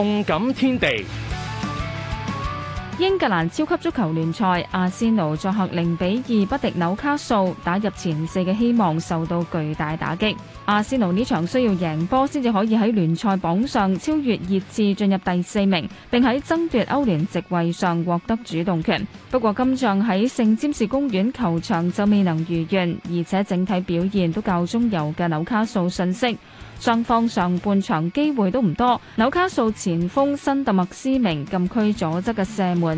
動感天地。主持人:英格蘭超級足球聯賽，阿仙奴作客零比二不敵紐卡素，打入前四嘅希望受到巨大打擊。阿仙奴呢場需要贏波先至可以喺聯賽榜上超越熱刺進入第四，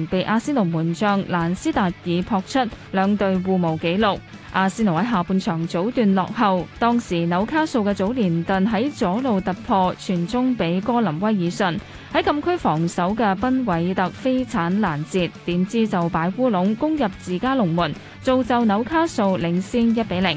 被阿仙奴門將蘭斯達爾撲出，兩隊互無紀錄。阿仙奴喺下半場早段落後，當時紐卡素嘅祖連頓喺左路突破，傳中俾哥林威爾遜喺禁區防守嘅賓韋特飛鏟攔截，點知就擺烏龍攻入自家龍門，造就紐卡素領先一比零。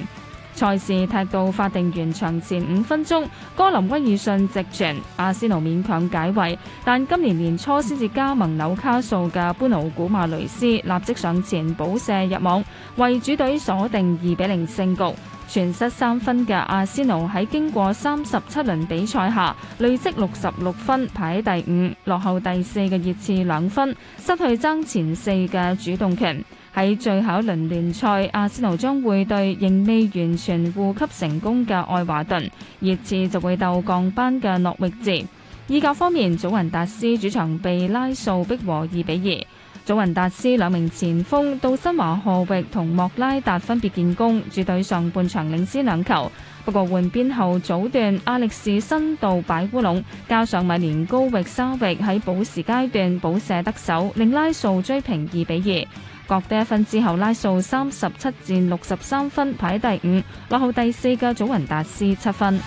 賽事踢到法定完場前五分鐘，哥林威爾遜直傳，阿仙奴勉強解圍。但今年年初先至加盟紐卡素嘅班奴古馬雷斯立即上前補射入網，為主隊鎖定二比零勝局。全失三分嘅阿仙奴喺經過三十七輪比賽下累積六十六分，排喺第五，落後第四嘅熱刺兩分，失去爭前四嘅主動權。喺最後一輪聯賽，阿仙奴將會對仍未完全護級成功嘅愛華頓，熱刺就會鬥降班嘅諾域治。意甲方面，祖雲達斯主場被拉素逼和二比二。祖雲達斯兩名前鋒杜森華荷域同莫拉達分別建功，主隊上半場領先兩球。不過換邊後早段，阿力士辛度擺烏龍，加上米連高域沙域喺補時階段補射得手，令拉素追平二比二。各得一分之後，拉素三十七戰六十三分排第五，落後第四嘅祖雲達斯七分。